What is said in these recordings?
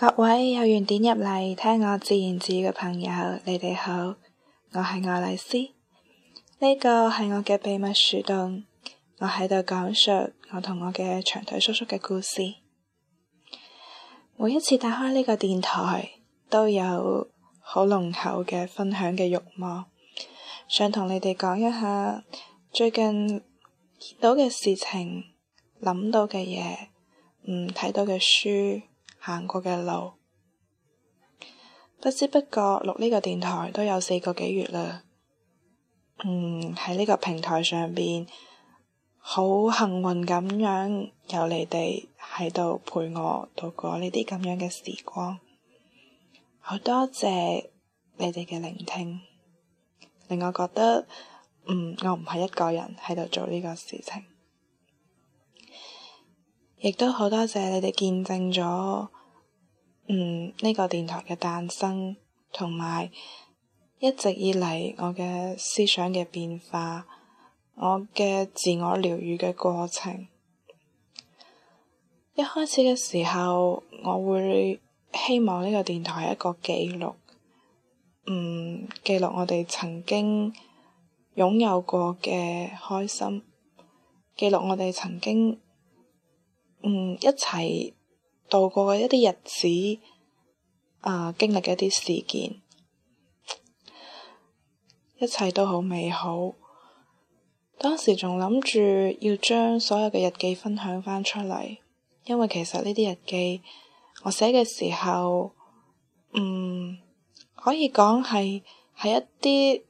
各位有緣點入嚟聽我自言自語嘅朋友，你哋好，我係愛麗絲，呢、這個係我嘅秘密樹洞，我喺度講述我同我嘅長腿叔叔嘅故事。每一次打開呢個電台，都有好濃厚嘅分享嘅慾望，想同你哋講一下最近見到嘅事情、諗到嘅嘢，嗯，睇到嘅書。行過嘅路，不知不覺錄呢個電台都有四個幾月啦。嗯，喺呢個平台上邊，好幸運咁樣有你哋喺度陪我度過呢啲咁樣嘅時光，好多謝你哋嘅聆聽，令我覺得，嗯，我唔係一個人喺度做呢個事情，亦都好多謝你哋見證咗。嗯，呢個電台嘅誕生，同埋一直以嚟我嘅思想嘅變化，我嘅自我療癒嘅過程。一開始嘅時候，我會希望呢個電台係一個記錄，嗯，記錄我哋曾經擁有過嘅開心，記錄我哋曾經，嗯，一齊。度過嘅一啲日子，啊、呃，經歷嘅一啲事件，一切都好美好。當時仲諗住要將所有嘅日記分享翻出嚟，因為其實呢啲日記我寫嘅時候，嗯，可以講係喺一啲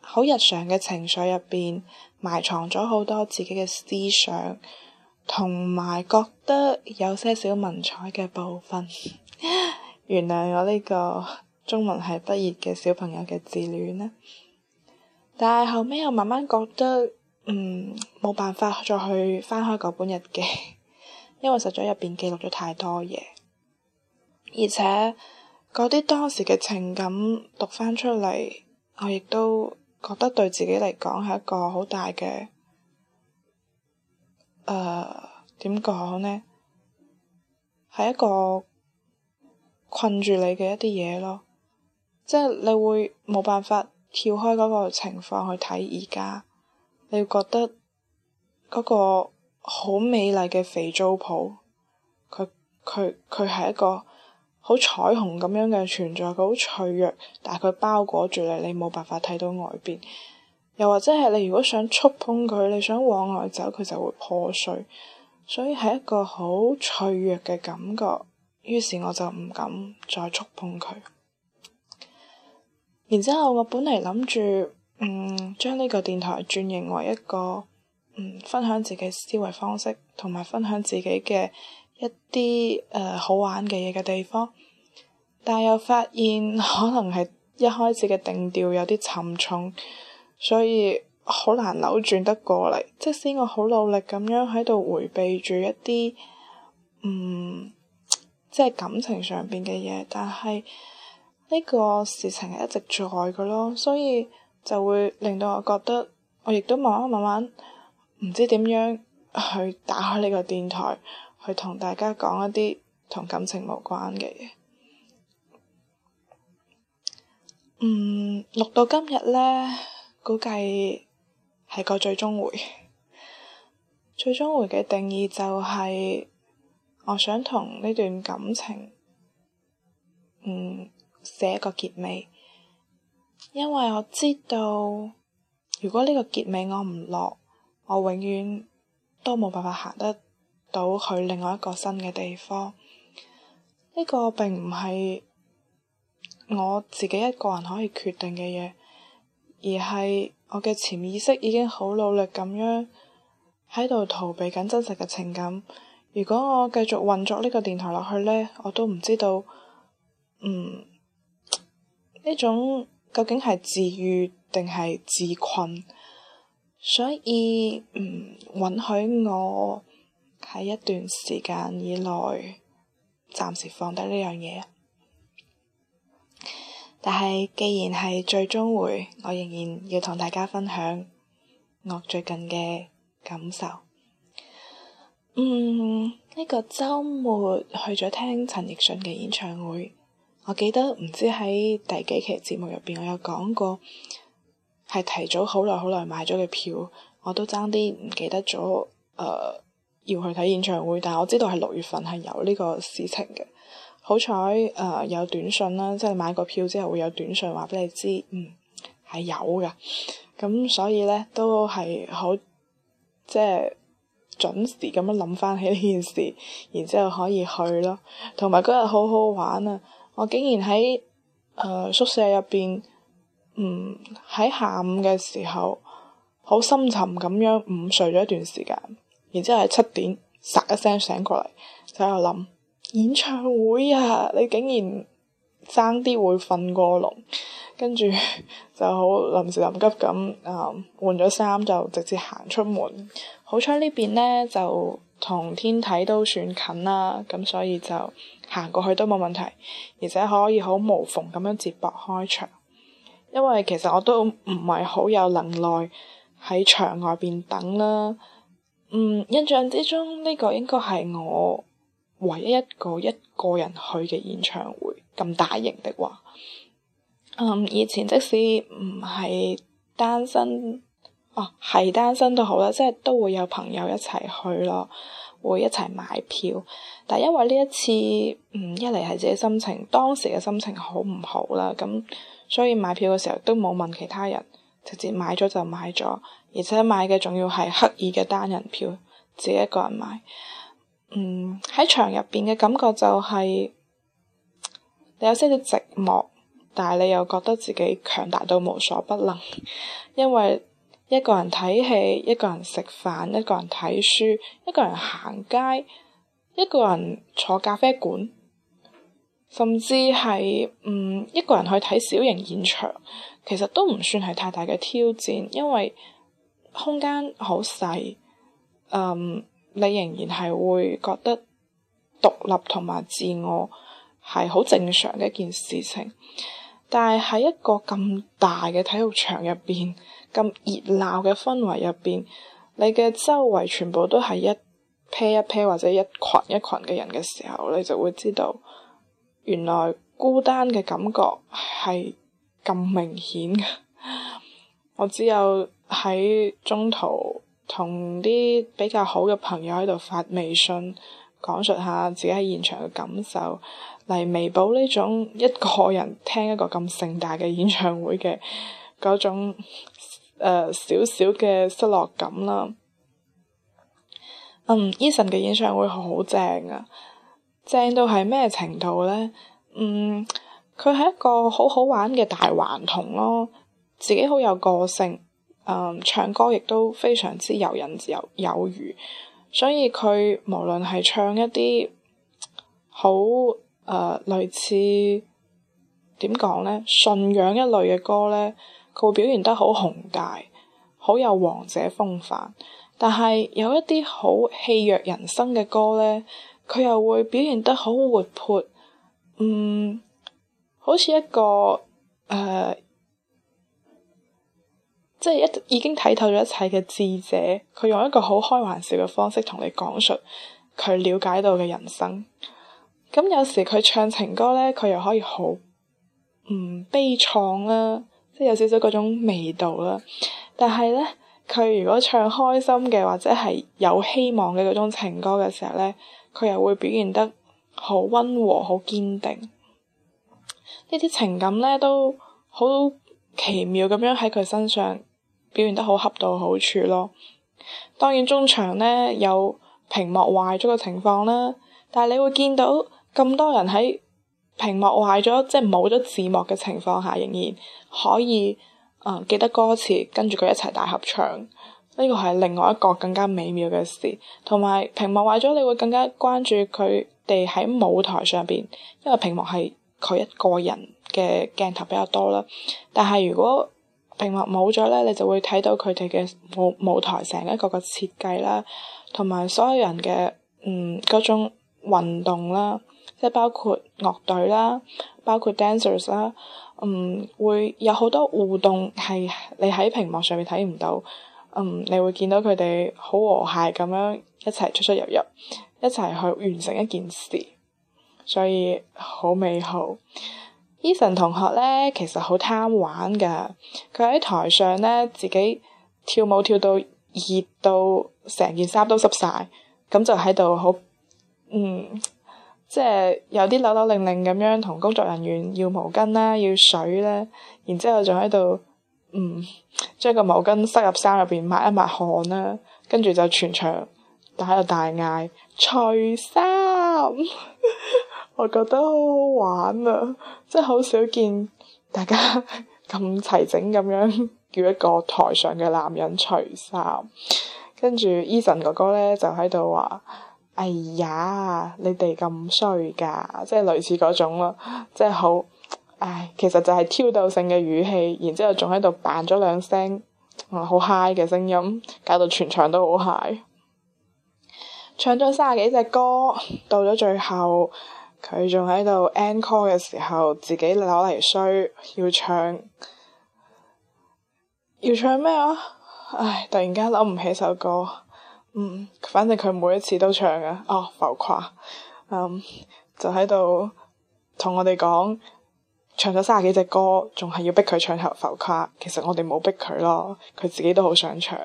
好日常嘅情緒入邊埋藏咗好多自己嘅思想。同埋覺得有些少文采嘅部分，原諒我呢個中文系畢業嘅小朋友嘅自戀啦。但係後尾我慢慢覺得，嗯，冇辦法再去翻開嗰本日記，因為實在入邊記錄咗太多嘢，而且嗰啲當時嘅情感讀翻出嚟，我亦都覺得對自己嚟講係一個好大嘅。誒，點講呢？係一個困住你嘅一啲嘢咯，即係你會冇辦法跳開嗰個情況去睇而家，你會覺得嗰個好美麗嘅肥皂泡，佢佢佢係一個好彩虹咁樣嘅存在，佢好脆弱，但係佢包裹住你，你冇辦法睇到外邊。又或者係你如果想觸碰佢，你想往外走，佢就會破碎，所以係一個好脆弱嘅感覺。於是我就唔敢再觸碰佢。然之後我本嚟諗住，嗯，將呢個電台轉型為一個嗯，分享自己思維方式，同埋分享自己嘅一啲誒、呃、好玩嘅嘢嘅地方，但又發現可能係一開始嘅定調有啲沉重。所以好難扭轉得過嚟。即使我好努力咁樣喺度回避住一啲，嗯，即係感情上邊嘅嘢，但係呢個事情係一直在嘅咯，所以就會令到我覺得我亦都慢慢慢慢唔知點樣去打開呢個電台，去同大家講一啲同感情無關嘅嘢。嗯，錄到今日咧。估計係個最終回。 最終回嘅定義就係我想同呢段感情，嗯，寫一個結尾。因為我知道，如果呢個結尾我唔落，我永遠都冇辦法行得到去另外一個新嘅地方。呢個並唔係我自己一個人可以決定嘅嘢。而係我嘅潛意識已經好努力咁樣喺度逃避緊真實嘅情感。如果我繼續運作呢個電台落去咧，我都唔知道，嗯，呢種究竟係治癒定係自困。所以嗯，允許我喺一段時間以內暫時放低呢樣嘢。但係，既然係最終會，我仍然要同大家分享我最近嘅感受。嗯，呢個週末去咗聽陳奕迅嘅演唱會。我記得唔知喺第幾期節目入邊，我有講過係提早好耐好耐買咗嘅票，我都爭啲唔記得咗。誒，要去睇演唱會，但係我知道係六月份係有呢個事情嘅。好彩，誒、呃、有短信啦，即係買個票之後會有短信話畀你知，嗯係有㗎，咁、嗯、所以咧都係好即係準時咁樣諗翻起呢件事，然之後可以去咯。同埋嗰日好好玩啊！我竟然喺誒、呃、宿舍入邊，嗯喺下午嘅時候好深沉咁樣午睡咗一段時間，然之後喺七點嗙一聲醒，醒過嚟，就喺度諗。演唱會啊！你竟然爭啲會瞓過籠，跟住就好臨時臨急咁啊換咗衫就直接行出門。好彩呢邊呢，就同天體都算近啦，咁所以就行過去都冇問題，而且可以好無縫咁樣接駁開場。因為其實我都唔係好有能耐喺場外邊等啦。嗯，印象之中呢個應該係我。唯一一個一個人去嘅演唱會咁大型的話，嗯，以前即使唔係單身，啊、哦，係單身都好啦，即係都會有朋友一齊去咯，會一齊買票。但因為呢一次，嗯，一嚟係自己心情，當時嘅心情好唔好啦，咁所以買票嘅時候都冇問其他人，直接買咗就買咗，而且買嘅仲要係刻意嘅單人票，自己一個人買。嗯，喺場入邊嘅感覺就係、是、你有少少寂寞，但係你又覺得自己強大到無所不能，因為一個人睇戲，一個人食飯，一個人睇書，一個人行街，一個人坐咖啡館，甚至係嗯一個人去睇小型現場，其實都唔算係太大嘅挑戰，因為空間好細，嗯。你仍然係會覺得獨立同埋自我係好正常嘅一件事情，但係喺一個咁大嘅體育場入邊，咁熱鬧嘅氛圍入邊，你嘅周圍全部都係一 pair 一 pair 或者一群一群嘅人嘅時候，你就會知道原來孤單嘅感覺係咁明顯嘅。我只有喺中途。同啲比較好嘅朋友喺度發微信，講述下自己喺現場嘅感受，嚟彌補呢種一個人聽一個咁盛大嘅演唱會嘅嗰種誒少少嘅失落感啦。嗯，Eason 嘅演唱會好正啊，正到係咩程度咧？嗯，佢係一個好好玩嘅大頑童咯，自己好有個性。Um, 唱歌亦都非常之遊刃有有餘，所以佢無論係唱一啲好誒類似點講咧，信仰一類嘅歌咧，佢會表現得好宏大，好有王者風範。但係有一啲好戲謔人生嘅歌咧，佢又會表現得好活潑，嗯，好似一個誒。呃即係一已經睇透咗一切嘅智者，佢用一個好開玩笑嘅方式同你講述佢了解到嘅人生。咁有時佢唱情歌咧，佢又可以好唔悲愴啦、啊，即係有少少嗰種味道啦、啊。但係咧，佢如果唱開心嘅或者係有希望嘅嗰種情歌嘅時候咧，佢又會表現得好溫和、好堅定。呢啲情感咧都好奇妙咁樣喺佢身上。表現得好恰到好處咯。當然中場呢有屏幕壞咗嘅情況啦，但係你會見到咁多人喺屏幕壞咗，即係冇咗字幕嘅情況下，仍然可以啊、呃、記得歌詞跟住佢一齊大合唱。呢個係另外一個更加美妙嘅事。同埋屏幕壞咗，你會更加關注佢哋喺舞台上邊，因為屏幕係佢一個人嘅鏡頭比較多啦。但係如果屏幕冇咗咧，你就會睇到佢哋嘅舞舞台成一個個設計啦，同埋所有人嘅嗯嗰種運動啦，即係包括樂隊啦，包括 dancers 啦，嗯，會有好多互動係你喺屏幕上面睇唔到，嗯，你會見到佢哋好和諧咁樣一齊出出入入，一齊去完成一件事，所以好美好。Eason 同學咧，其實好貪玩㗎。佢喺台上咧，自己跳舞跳到熱到成件衫都濕晒，咁就喺度好，嗯，即係有啲扭扭擰擰咁樣同工作人員要毛巾啦，要水咧，然之後仲喺度，嗯，將個毛巾塞入衫入邊抹一抹汗啦，跟住就全場就喺度大嗌除衫。 我覺得好好玩啊！即係好少見，大家咁 齊整咁樣叫一個台上嘅男人除衫，跟住 Eason 哥哥咧就喺度話：哎呀，你哋咁衰㗎，即係類似嗰種咯，即係好唉。其實就係挑逗性嘅語氣，然之後仲喺度扮咗兩聲，好嗨嘅聲音，搞到全場都好嗨。唱咗三十幾隻歌，到咗最後。佢仲喺度 encore 嘅時候，自己攞嚟衰要唱，要唱咩啊？唉，突然間諗唔起首歌。嗯，反正佢每一次都唱㗎。哦，浮誇。嗯，就喺度同我哋講，唱咗三十幾隻歌，仲係要逼佢唱頭浮誇。其實我哋冇逼佢咯，佢自己都好想唱，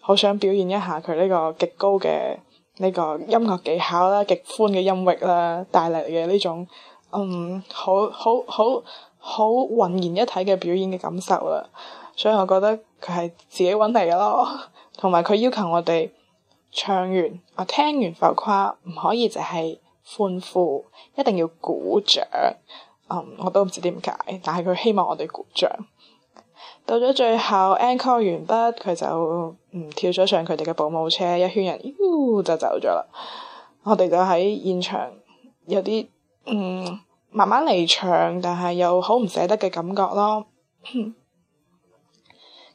好想表現一下佢呢個極高嘅。呢個音樂技巧啦，極寬嘅音域啦，帶嚟嘅呢種嗯好好好好渾然一體嘅表演嘅感受啦，所以我覺得佢係自己揾嚟嘅咯。同埋佢要求我哋唱完啊，聽完浮誇，唔可以淨係歡呼，一定要鼓掌。嗯，我都唔知點解，但係佢希望我哋鼓掌。到咗最後，encore 完畢，佢就嗯跳咗上佢哋嘅保姆車，一圈人，呃、就走咗啦。我哋就喺現場有啲嗯慢慢嚟唱，但係又好唔捨得嘅感覺咯。嗯、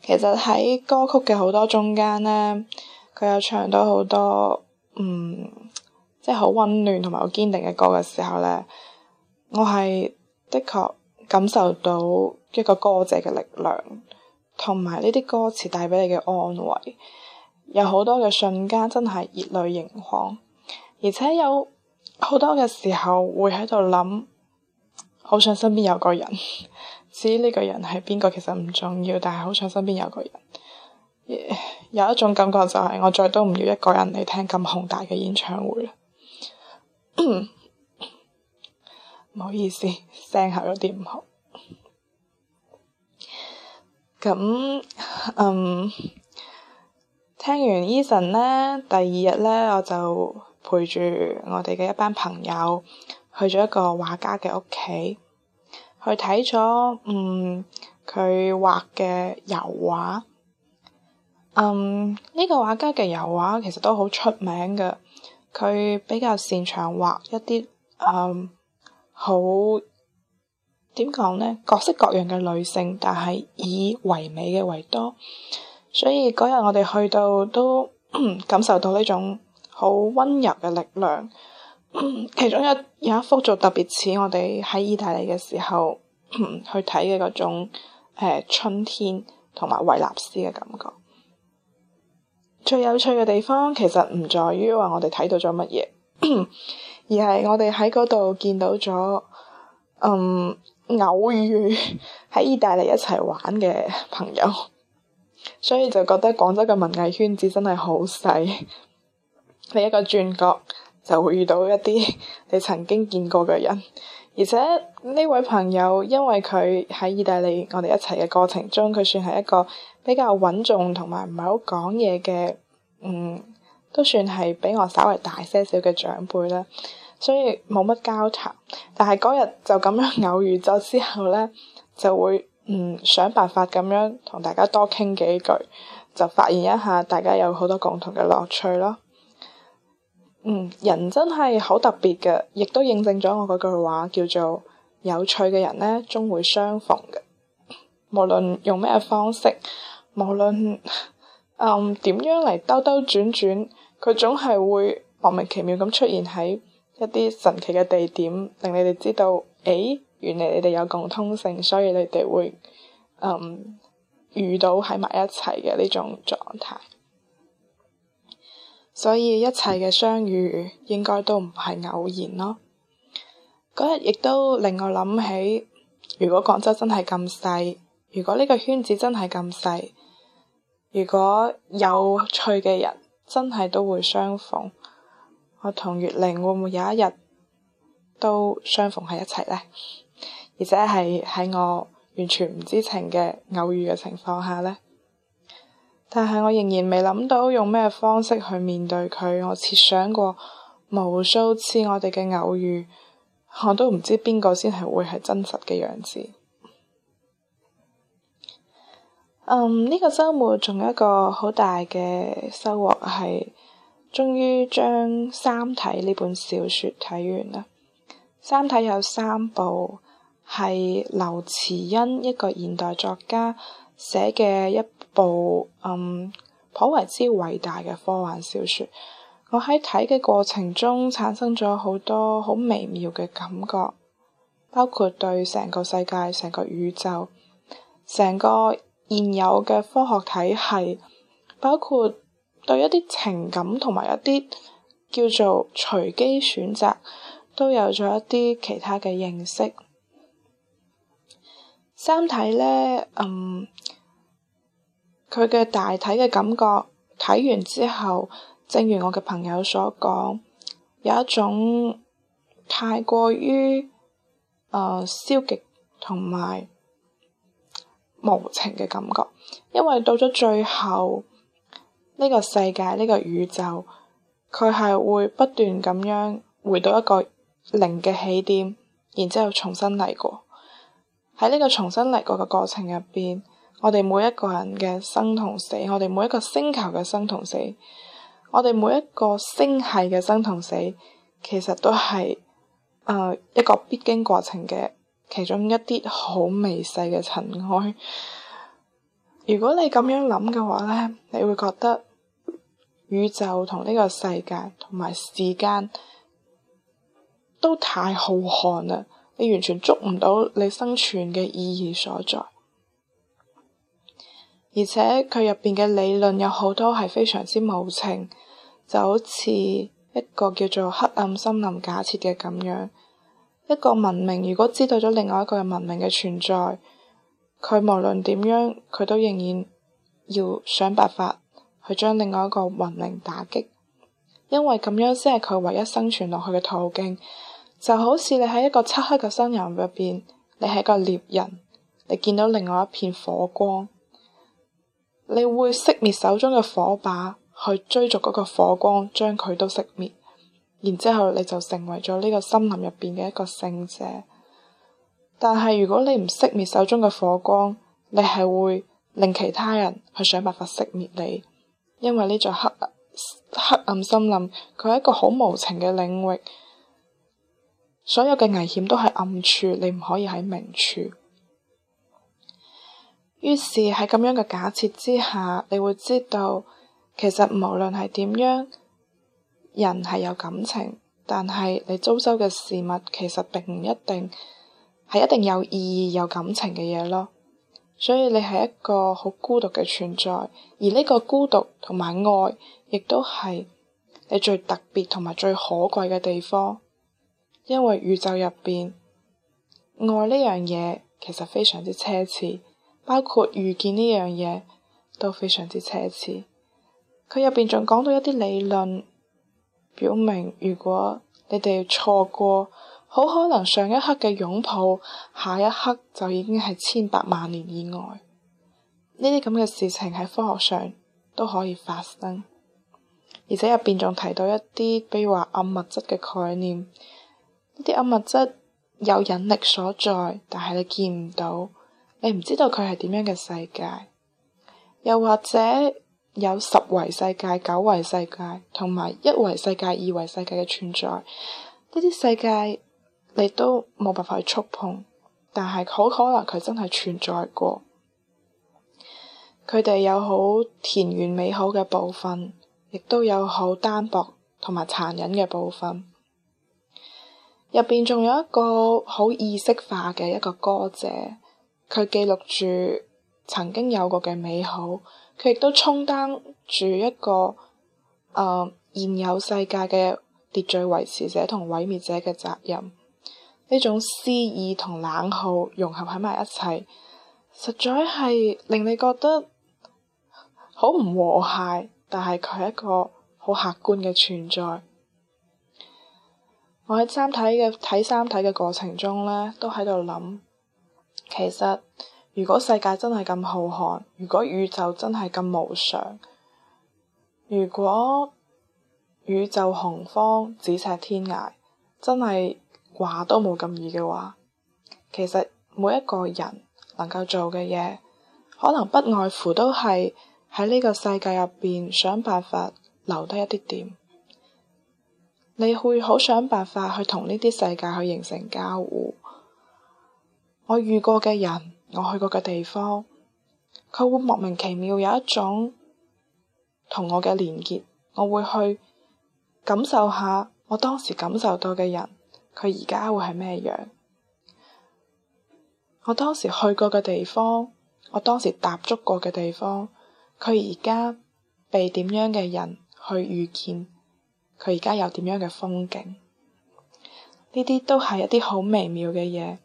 其實喺歌曲嘅好多中間呢，佢有唱到好多嗯即係好溫暖同埋好堅定嘅歌嘅時候呢，我係的確感受到。一個歌者嘅力量，同埋呢啲歌詞帶畀你嘅安慰，有好多嘅瞬間真係熱淚盈眶，而且有好多嘅時候會喺度諗，好想身邊有個人。至於呢個人係邊個，其實唔重要，但係好想身邊有個人。Yeah, 有一種感覺就係我再都唔要一個人嚟聽咁宏大嘅演唱會啦。唔 好意思，聲喉有啲唔好。咁嗯，聽完 Eason 咧，第二日咧我就陪住我哋嘅一班朋友去咗一個畫家嘅屋企，去睇咗嗯佢畫嘅油畫。嗯，呢個畫家嘅油畫其實都好出名嘅，佢比較擅長畫一啲嗯好。點講呢？各式各樣嘅女性，但係以唯美嘅為多。所以嗰日我哋去到都感受到呢種好溫柔嘅力量。其中有有一幅就特別似我哋喺意大利嘅時候去睇嘅嗰種誒、呃、春天同埋維納斯嘅感覺。最有趣嘅地方其實唔在於話我哋睇到咗乜嘢，而係我哋喺嗰度見到咗嗯。偶遇喺意大利一齊玩嘅朋友，所以就覺得廣州嘅文藝圈子真係好細，你一個轉角就會遇到一啲你曾經見過嘅人。而且呢位朋友因為佢喺意大利，我哋一齊嘅過程中，佢算係一個比較穩重同埋唔係好講嘢嘅，嗯，都算係比我稍微大些少嘅長輩啦。所以冇乜交談，但係嗰日就咁樣偶遇咗之後咧，就會嗯想辦法咁樣同大家多傾幾句，就發現一下大家有好多共同嘅樂趣咯。嗯，人真係好特別嘅，亦都印證咗我嗰句話，叫做有趣嘅人咧，總會相逢嘅。無論用咩方式，無論嗯點樣嚟兜兜轉轉，佢總係會莫名其妙咁出現喺一啲神奇嘅地點令你哋知道，誒、欸，原嚟你哋有共通性，所以你哋會嗯遇到喺埋一齊嘅呢種狀態。所以一切嘅相遇應該都唔係偶然咯。嗰日亦都令我諗起，如果廣州真係咁細，如果呢個圈子真係咁細，如果有趣嘅人真係都會相逢。我同月玲會唔會有一日都相逢喺一齊呢？而且係喺我完全唔知情嘅偶遇嘅情況下呢。但係我仍然未諗到用咩方式去面對佢。我設想過無數次我哋嘅偶遇，我都唔知邊個先係會係真實嘅樣子。嗯，呢個週末仲有一個好大嘅收穫係。終於將《三體》呢本小説睇完啦，《三體》有三部，係劉慈欣一個現代作家寫嘅一部嗯，頗為之偉大嘅科幻小説。我喺睇嘅過程中產生咗好多好微妙嘅感覺，包括對成個世界、成個宇宙、成個現有嘅科學體系，包括。對一啲情感同埋一啲叫做隨機選擇都有咗一啲其他嘅認識。三體呢，嗯，佢嘅大體嘅感覺，睇完之後，正如我嘅朋友所講，有一種太過於誒、呃、消極同埋無情嘅感覺，因為到咗最後，呢個世界，呢個宇宙，佢係會不斷咁樣回到一個零嘅起點，然之後重新嚟過。喺呢個重新嚟過嘅過程入邊，我哋每一個人嘅生同死，我哋每一個星球嘅生同死，我哋每一個星系嘅生同死，其實都係誒一個必經過程嘅其中一啲好微細嘅塵埃。如果你咁樣諗嘅話咧，你會覺得。宇宙同呢個世界同埋時間都太浩瀚啦，你完全捉唔到你生存嘅意義所在。而且佢入邊嘅理論有好多係非常之無情，就好似一個叫做黑暗森林假設嘅咁樣，一個文明如果知道咗另外一個文明嘅存在，佢無論點樣，佢都仍然要想辦法。去將另外一個魂靈打擊，因為咁樣先係佢唯一生存落去嘅途徑。就好似你喺一個漆黑嘅森林入邊，你係一個獵人，你見到另外一片火光，你會熄滅手中嘅火把去追逐嗰個火光，將佢都熄滅，然之後你就成為咗呢個森林入邊嘅一個勝者。但係如果你唔熄滅手中嘅火光，你係會令其他人去想辦法熄滅你。因為呢座黑、黑暗森林，佢係一個好無情嘅領域，所有嘅危險都係暗處，你唔可以喺明處。於是喺咁樣嘅假設之下，你會知道其實無論係點樣，人係有感情，但係你遭受嘅事物其實並唔一定係一定有意義、有感情嘅嘢咯。所以你係一個好孤獨嘅存在，而呢個孤獨同埋愛，亦都係你最特別同埋最可貴嘅地方。因為宇宙入邊，愛呢樣嘢其實非常之奢侈，包括遇見呢樣嘢都非常之奢侈。佢入邊仲講到一啲理論，表明如果你哋錯過。好可能上一刻嘅擁抱，下一刻就已經係千百萬年以外。呢啲咁嘅事情喺科學上都可以發生，而且入邊仲提到一啲，比如話暗物質嘅概念。呢啲暗物質有引力所在，但係你見唔到，你唔知道佢係點樣嘅世界。又或者有十維世界、九維世界，同埋一維世界、二維世界嘅存在。呢啲世界，你都冇辦法去觸碰，但係好可能佢真係存在過。佢哋有好田園美好嘅部分，亦都有好單薄同埋殘忍嘅部分。入邊仲有一個好意識化嘅一個歌者，佢記錄住曾經有過嘅美好，佢亦都充當住一個誒、呃、現有世界嘅秩序維持者同毀滅者嘅責任。呢種詩意同冷酷融合喺埋一齊，實在係令你覺得好唔和諧。但係佢係一個好客觀嘅存在。我喺三體嘅睇三體嘅過程中呢，都喺度諗，其實如果世界真係咁浩瀚，如果宇宙真係咁無常，如果宇宙洪荒、咫尺天涯，真係～話都冇咁易嘅話，其實每一個人能夠做嘅嘢，可能不外乎都係喺呢個世界入邊想辦法留低一啲點。你會好想辦法去同呢啲世界去形成交互。我遇過嘅人，我去過嘅地方，佢會莫名其妙有一種同我嘅連結。我會去感受下我當時感受到嘅人。佢而家會係咩樣？我當時去過嘅地方，我當時踏足過嘅地方，佢而家被點樣嘅人去遇見？佢而家有點樣嘅風景？呢啲都係一啲好微妙嘅嘢。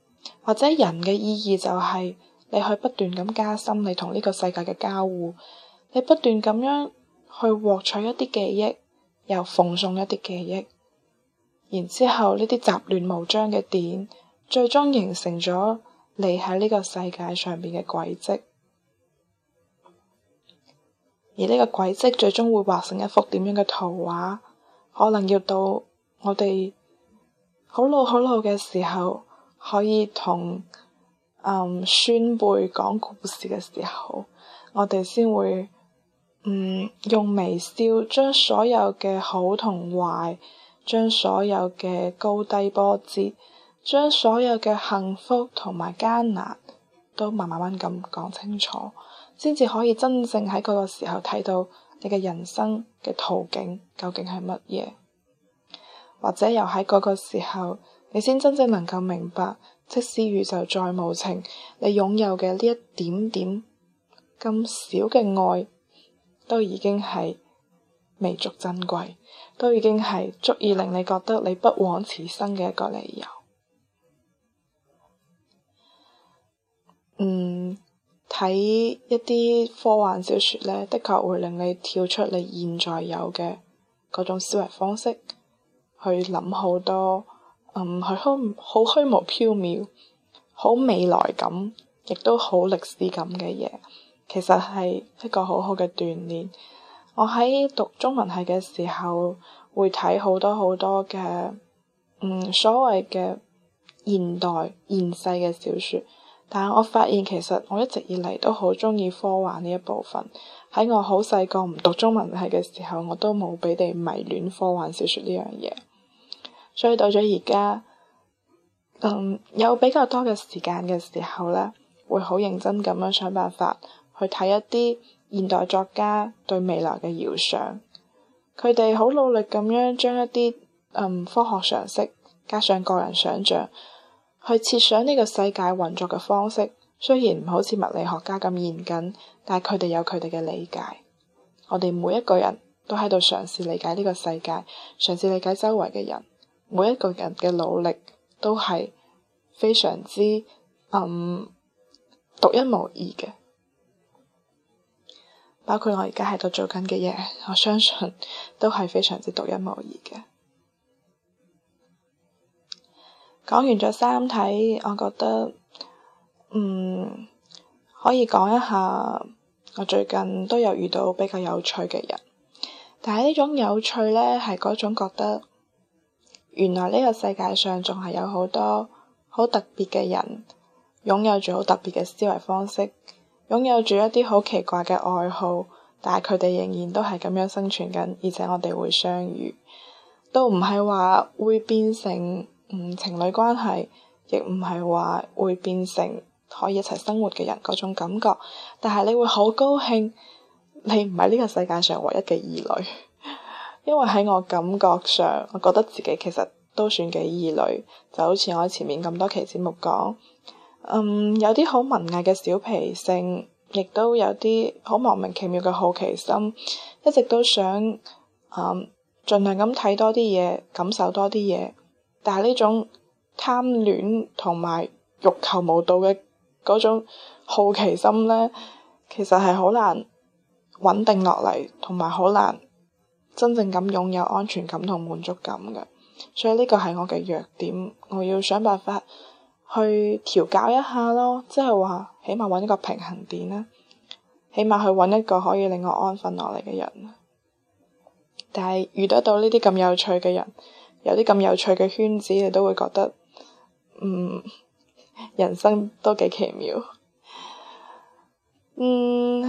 或者人嘅意義就係你去不斷咁加深你同呢個世界嘅交互，你不斷咁樣去獲取一啲記憶，又奉送一啲記憶。然之後，呢啲雜亂無章嘅點，最終形成咗你喺呢個世界上邊嘅軌跡。而呢個軌跡最終會畫成一幅點樣嘅圖畫？可能要到我哋好老好老嘅時候，可以同嗯孫輩講故事嘅時候，我哋先會嗯用微笑將所有嘅好同壞，將所有嘅高低波折，將所有嘅幸福同埋艱難，都慢慢咁講清楚，先至可以真正喺嗰個時候睇到你嘅人生嘅途徑究竟係乜嘢？或者又喺嗰個時候，你先真正能夠明白，即使宇宙再無情，你擁有嘅呢一點點咁少嘅愛，都已經係彌足珍貴。都已經係足以令你覺得你不枉此生嘅一個理由。嗯，睇一啲科幻小説呢，的確會令你跳出你現在有嘅嗰種思維方式，去諗好多嗯，係好虛好虛無縹緲、好未來感，亦都好歷史感嘅嘢。其實係一個好好嘅鍛鍊。我喺讀中文系嘅時候，會睇好多好多嘅，嗯，所謂嘅現代現世嘅小説，但係我發現其實我一直以嚟都好中意科幻呢一部分。喺我好細個唔讀中文系嘅時候，我都冇俾你迷戀科幻小説呢樣嘢，所以到咗而家，嗯，有比較多嘅時間嘅時候咧，會好認真咁樣想辦法去睇一啲。現代作家對未來嘅遙想，佢哋好努力咁樣將一啲嗯科學常識加上個人想象，去設想呢個世界運作嘅方式。雖然唔好似物理學家咁嚴謹，但係佢哋有佢哋嘅理解。我哋每一個人都喺度嘗試理解呢個世界，嘗試理解周圍嘅人。每一個人嘅努力都係非常之嗯獨一無二嘅。包括我而家喺度做緊嘅嘢，我相信都係非常之獨一無二嘅。講完咗三體，我覺得嗯，可以講一下，我最近都有遇到比較有趣嘅人，但係呢種有趣咧，係嗰種覺得原來呢個世界上仲係有好多好特別嘅人，擁有住好特別嘅思維方式。擁有住一啲好奇怪嘅愛好，但係佢哋仍然都係咁樣生存緊，而且我哋會相遇，都唔係話會變成、嗯、情侶關係，亦唔係話會變成可以一齊生活嘅人嗰種感覺。但係你會好高興，你唔係呢個世界上唯一嘅異類， 因為喺我感覺上，我覺得自己其實都算幾異類，就好似我喺前面咁多期節目講。嗯，um, 有啲好文藝嘅小脾性，亦都有啲好莫名其妙嘅好奇心，一直都想，嗯，盡量咁睇多啲嘢，感受多啲嘢。但係呢種貪戀同埋欲求無度嘅嗰種好奇心呢，其實係好難穩定落嚟，同埋好難真正咁擁有安全感同滿足感嘅。所以呢個係我嘅弱點，我要想辦法。去調教一下咯，即係話，起碼揾一個平衡點啦，起碼去揾一個可以令我安分落嚟嘅人。但係遇得到呢啲咁有趣嘅人，有啲咁有趣嘅圈子，你都會覺得，嗯，人生都幾奇妙。嗯，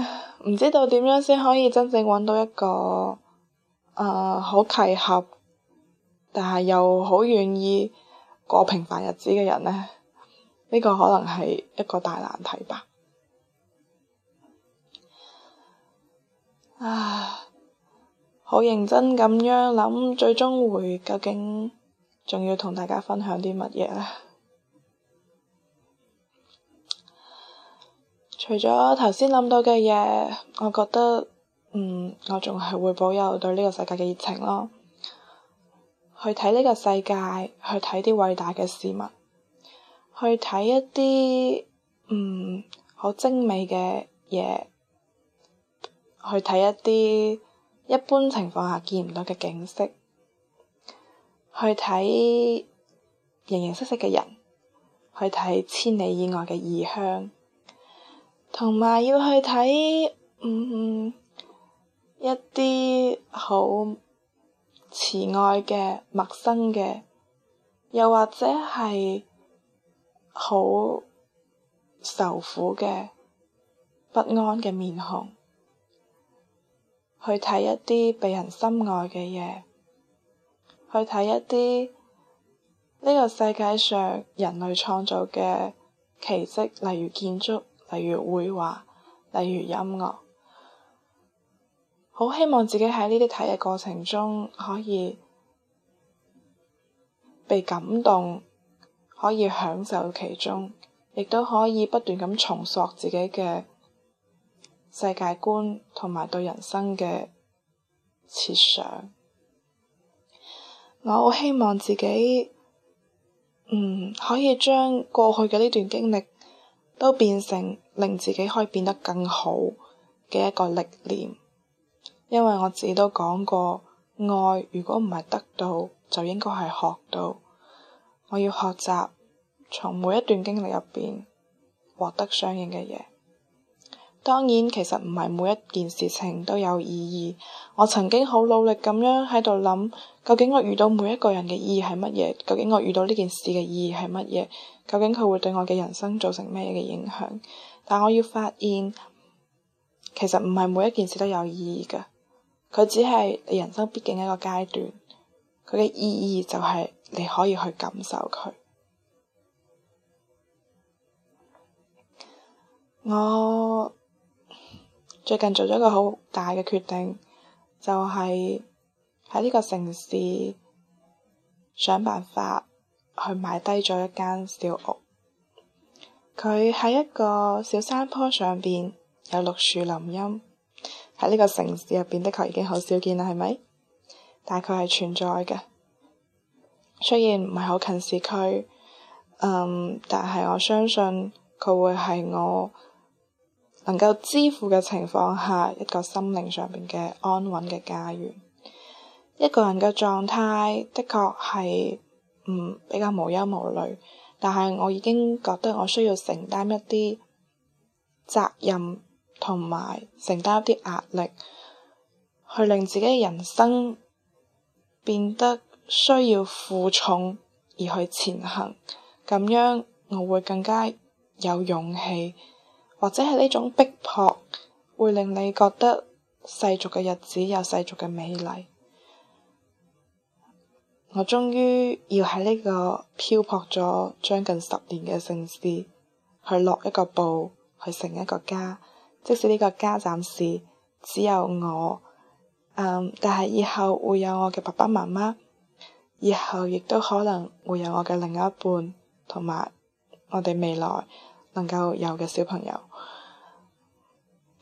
唔知道點樣先可以真正揾到一個，誒、呃，好契合，但係又好願意過平凡日子嘅人呢。呢個可能係一個大難題吧。啊，好認真咁樣諗，最終會究竟仲要同大家分享啲乜嘢呢？除咗頭先諗到嘅嘢，我覺得嗯，我仲係會保有對呢個世界嘅熱情咯。去睇呢個世界，去睇啲偉大嘅事物。去睇一啲嗯好精美嘅嘢，去睇一啲一般情況下見唔到嘅景色，去睇形形色色嘅人，去睇千里以外嘅異鄉，同埋要去睇嗯，嗯一啲好慈愛嘅陌生嘅，又或者係，好受苦嘅不安嘅面孔，去睇一啲被人深愛嘅嘢，去睇一啲呢個世界上人類創造嘅奇蹟，例如建築，例如繪畫，例如音樂。好希望自己喺呢啲睇嘅過程中可以被感動。可以享受其中，亦都可以不斷咁重塑自己嘅世界觀同埋對人生嘅設想。我好希望自己，嗯，可以將過去嘅呢段經歷都變成令自己可以變得更好嘅一個歷練，因為我自己都講過，愛如果唔係得到，就應該係學到。我要學習從每一段經歷入邊獲得相應嘅嘢。當然，其實唔係每一件事情都有意義。我曾經好努力咁樣喺度諗，究竟我遇到每一個人嘅意義係乜嘢？究竟我遇到呢件事嘅意義係乜嘢？究竟佢會對我嘅人生造成咩嘅影響？但我要發現，其實唔係每一件事都有意義㗎，佢只係人生必經一個階段。佢嘅意義就係你可以去感受佢。我最近做咗一個好大嘅決定，就係喺呢個城市想辦法去買低咗一間小屋。佢喺一個小山坡上邊，有綠樹林蔭。喺呢個城市入邊，的確已經好少見啦，係咪？但佢係存在嘅，雖然唔係好近市區，嗯，但係我相信佢會係我能夠支付嘅情況下，一個心靈上面嘅安穩嘅家園。一個人嘅狀態的確係嗯比較無憂無慮，但係我已經覺得我需要承擔一啲責任同埋承擔一啲壓力，去令自己嘅人生。變得需要負重而去前行，咁樣我會更加有勇氣，或者係呢種逼迫會令你覺得世俗嘅日子有世俗嘅美麗。我終於要喺呢個漂泊咗將近十年嘅城市去落一個步，去成一個家，即使呢個家暫時只有我。Um, 但係以後會有我嘅爸爸媽媽，以後亦都可能會有我嘅另一半，同埋我哋未來能夠有嘅小朋友，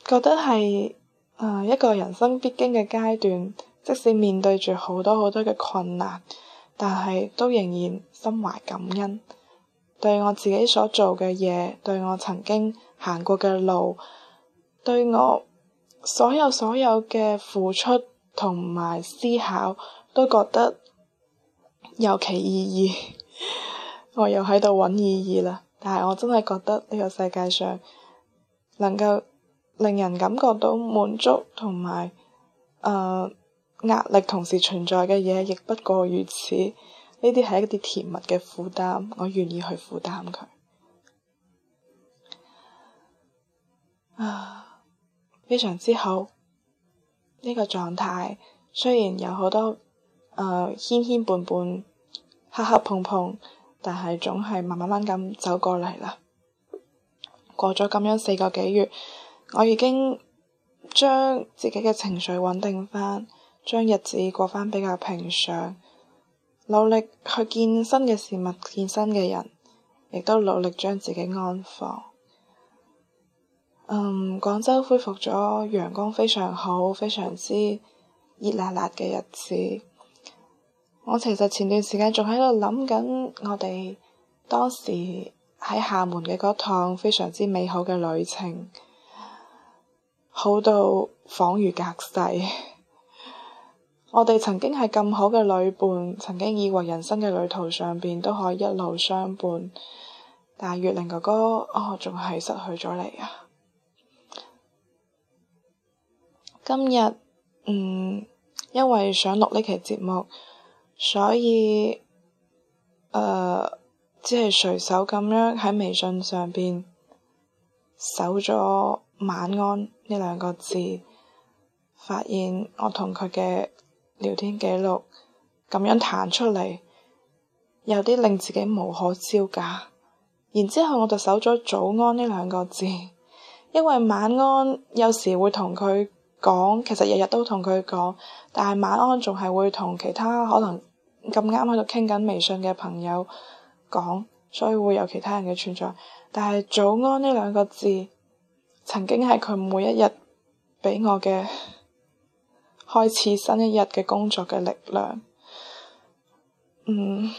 覺得係，呃，一個人生必經嘅階段，即使面對住好多好多嘅困難，但係都仍然心懷感恩，對我自己所做嘅嘢，對我曾經行過嘅路，對我。所有所有嘅付出同埋思考，都覺得有其意義。 我又喺度揾意義啦，但係我真係覺得呢個世界上能夠令人感覺到滿足同埋呃，壓力同時存在嘅嘢，亦不過如此。呢啲係一啲甜蜜嘅負擔，我願意去負擔佢。啊！非常之好。呢個狀態，雖然有好多誒牽牽絆絆、磕磕碰碰，但係總係慢慢咁走過嚟啦。過咗咁樣四個幾月，我已經將自己嘅情緒穩定返，將日子過返比較平常，努力去見新嘅事物、見新嘅人，亦都努力將自己安放。嗯，廣州恢復咗陽光，非常好，非常之熱辣辣嘅日子。我其實前段時間仲喺度諗緊，我哋當時喺廈門嘅嗰趟非常之美好嘅旅程，好到恍如隔世。 我哋曾經係咁好嘅旅伴，曾經以為人生嘅旅途上邊都可以一路相伴，但係月亮哥哥，我仲係失去咗你啊！今日，嗯，因為想錄呢期節目，所以誒、呃，只係隨手咁樣喺微信上邊搜咗晚安呢兩個字，發現我同佢嘅聊天記錄咁樣彈出嚟，有啲令自己無可招架。然之後我就搜咗早安呢兩個字，因為晚安有時會同佢。講其實日日都同佢講，但係晚安仲係會同其他可能咁啱喺度傾緊微信嘅朋友講，所以會有其他人嘅存在。但係早安呢兩個字，曾經係佢每一日畀我嘅開始新一日嘅工作嘅力量。嗯，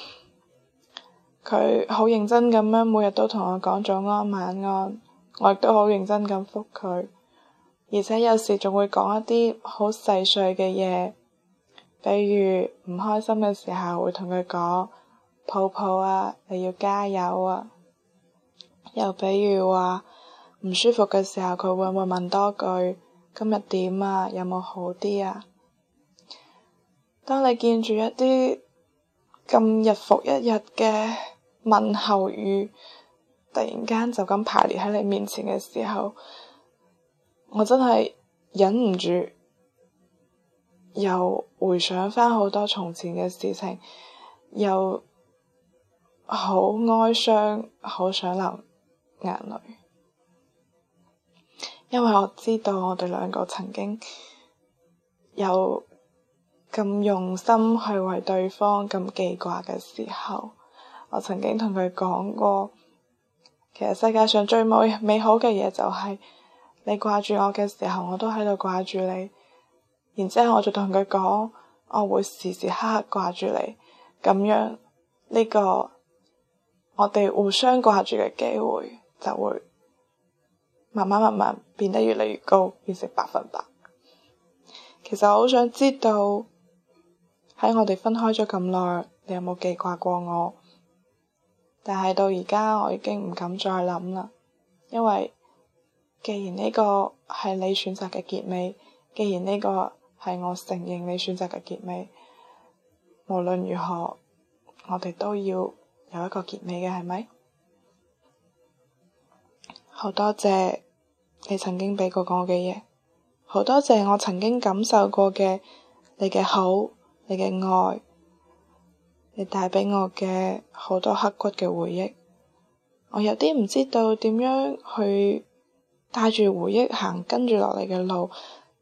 佢好認真咁樣每日都同我講早安、晚安，我亦都好認真咁覆佢。而且有時仲會講一啲好細碎嘅嘢，比如唔開心嘅時候會同佢講抱抱啊，你要加油啊。又比如話唔舒服嘅時候，佢會唔會問多句今日點啊，有冇好啲啊？當你見住一啲咁日復一日嘅問候語，突然間就咁排列喺你面前嘅時候。我真係忍唔住，又回想翻好多從前嘅事情，又好哀傷，好想流眼淚。因為我知道我哋兩個曾經有咁用心去為對方咁記掛嘅時候，我曾經同佢講過，其實世界上最美美好嘅嘢就係、是。你掛住我嘅時候，我都喺度掛住你。然之後我就同佢講，我會時時刻刻掛住你。咁樣呢個我哋互相掛住嘅機會就會慢慢慢慢變得越嚟越高，變成百分百。其實我好想知道喺我哋分開咗咁耐，你有冇記掛過我？但係到而家我已經唔敢再諗啦，因為。既然呢個係你選擇嘅結尾，既然呢個係我承認你選擇嘅結尾，無論如何，我哋都要有一個結尾嘅，係咪？好多謝你曾經俾過我嘅嘢，好多謝我曾經感受過嘅你嘅好，你嘅愛，你帶畀我嘅好多刻骨嘅回憶。我有啲唔知道點樣去帶住回憶行，跟住落嚟嘅路，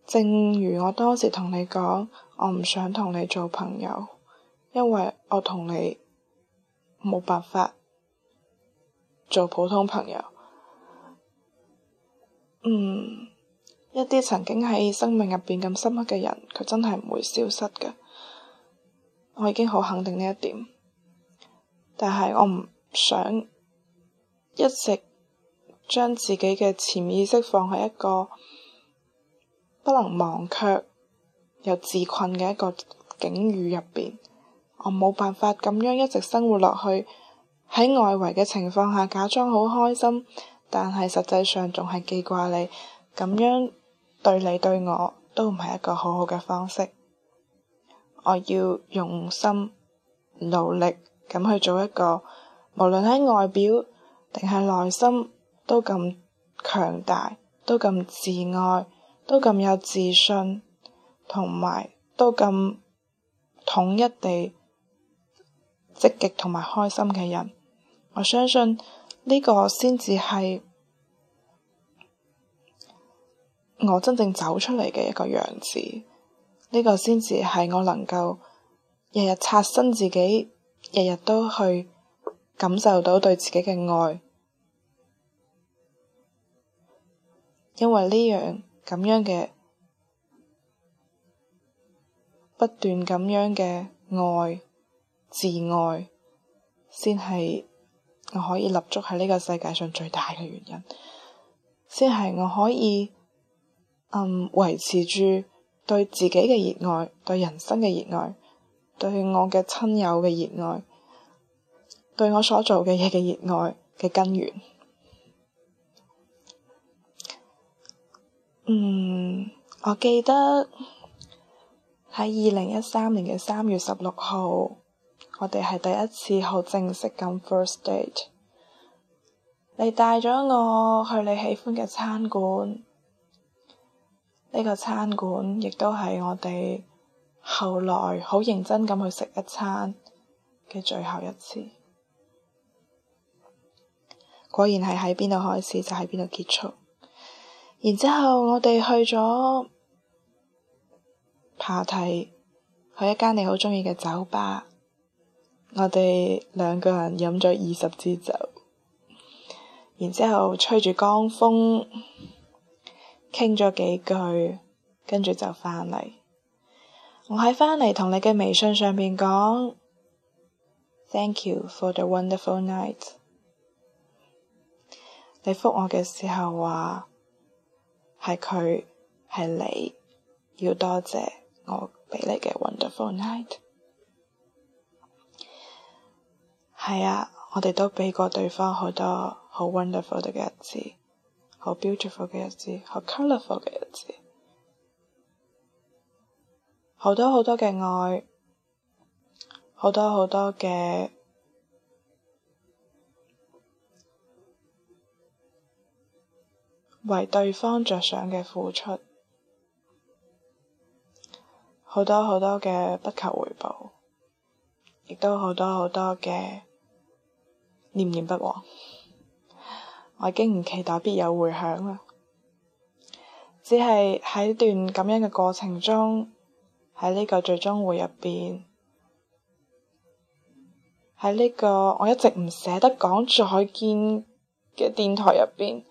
正如我當時同你講，我唔想同你做朋友，因為我同你冇辦法做普通朋友。嗯，一啲曾經喺生命入邊咁深刻嘅人，佢真係唔會消失嘅。我已經好肯定呢一點，但係我唔想一直。將自己嘅潛意識放喺一個不能忘卻又自困嘅一個境遇入邊，我冇辦法咁樣一直生活落去，喺外圍嘅情況下，假裝好開心，但係實際上仲係記掛你。咁樣對你對我都唔係一個好好嘅方式。我要用心努力咁去做一個，無論喺外表定係內心，都咁強大，都咁自愛，都咁有自信，同埋都咁統一地積極同埋開心嘅人，我相信呢個先至係我真正走出嚟嘅一個樣子。呢個先至係我能夠日日刷新自己，日日都去感受到對自己嘅愛。因為呢樣咁樣嘅不斷咁樣嘅愛、自愛，先係我可以立足喺呢個世界上最大嘅原因。先係我可以，嗯，維持住對自己嘅熱愛、對人生嘅熱愛、對我嘅親友嘅熱愛、對我所做嘅嘢嘅熱愛嘅根源。嗯，我記得喺二零一三年嘅三月十六號，我哋係第一次好正式咁 first date。你帶咗我去你喜歡嘅餐館，呢個餐館亦都係我哋後來好認真咁去食一餐嘅最後一次。果然係喺邊度開始，就喺邊度結束。然之後，我哋去咗爬梯，去一間你好鍾意嘅酒吧。我哋兩個人飲咗二十支酒，然之後吹住江風傾咗幾句，跟住就返嚟。我喺返嚟同你嘅微信上面講，Thank you for the wonderful night。你覆我嘅時候話。係佢，係你，要多謝我畀你嘅 wonderful night。係啊，我哋都畀過對方好多好 wonderful 嘅日子，好 beautiful 嘅日子，好 colourful 嘅日子，好多好多嘅愛，好多好多嘅。為對方着想嘅付出，好多好多嘅不求回報，亦都好多好多嘅念念不忘。我已經唔期待必有回響啦，只係喺段感恩嘅過程中，喺呢個最終會入邊，喺呢個我一直唔捨得講再見嘅電台入邊。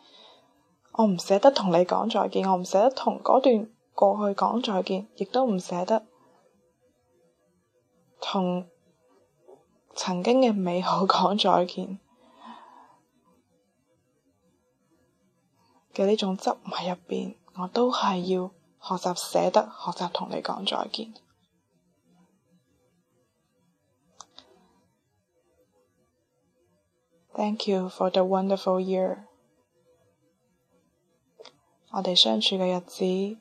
我唔捨得同你講再見，我唔捨得同嗰段過去講再見，亦都唔捨得同曾經嘅美好講再見嘅呢種執迷入邊，我都係要學習捨得，學習同你講再見。Thank you for the wonderful year. 我哋相處嘅日子，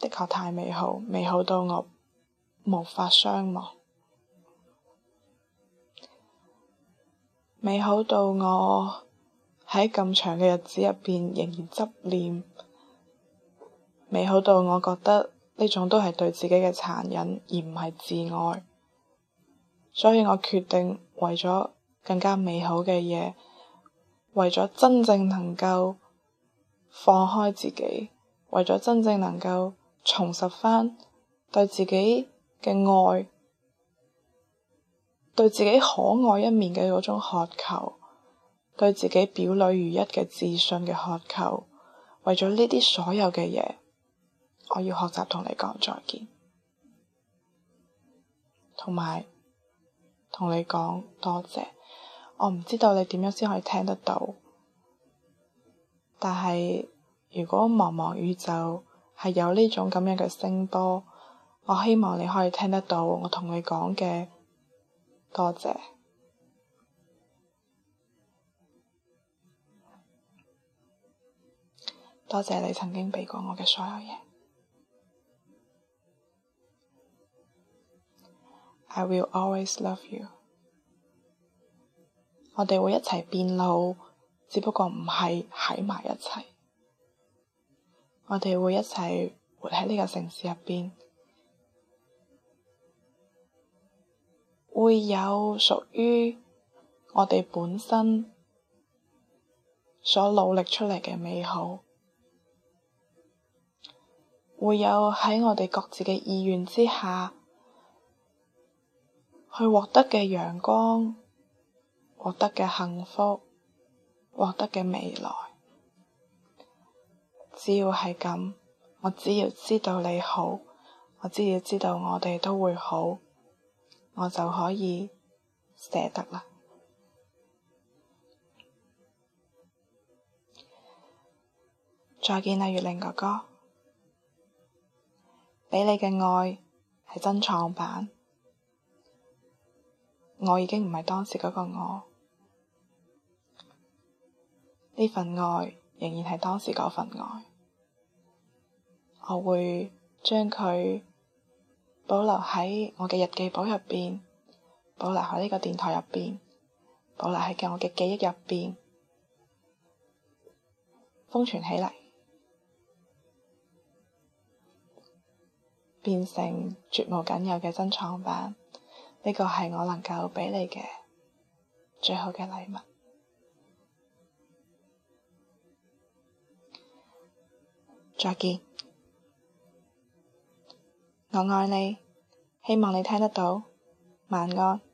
的確太美好，美好到我無法相忘，美好到我喺咁長嘅日子入邊仍然執念，美好到我覺得呢種都係對自己嘅殘忍，而唔係自愛，所以我決定為咗更加美好嘅嘢。為咗真正能夠放開自己，為咗真正能夠重拾返對自己嘅愛，對自己可愛一面嘅嗰種渴求，對自己表裡如一嘅自信嘅渴求，為咗呢啲所有嘅嘢，我要學習同你講再見，同埋同你講多謝。我唔知道你點樣先可以聽得到，但係如果茫茫宇宙係有呢種咁樣嘅聲波，我希望你可以聽得到我同你講嘅。多謝，多謝你曾經俾過我嘅所有嘢。I will always love you. 我哋會一齊變老，只不過唔係喺埋一齊。我哋會一齊活喺呢個城市入邊，會有屬於我哋本身所努力出嚟嘅美好，會有喺我哋各自嘅意願之下，去獲得嘅陽光。獲得嘅幸福，獲得嘅未來，只要係咁，我只要知道你好，我只要知道我哋都會好，我就可以捨得啦。再見啦，月亮哥哥，畀你嘅愛係珍藏版，我已經唔係當時嗰個我。呢份愛仍然係當時嗰份愛，我會將佢保留喺我嘅日記簿入邊，保留喺呢個電台入邊，保留喺我嘅記憶入邊，封存起嚟，變成絕無僅有嘅珍藏版。呢個係我能夠俾你嘅最好嘅禮物。再見。我愛你，希望你聽得到，晚安。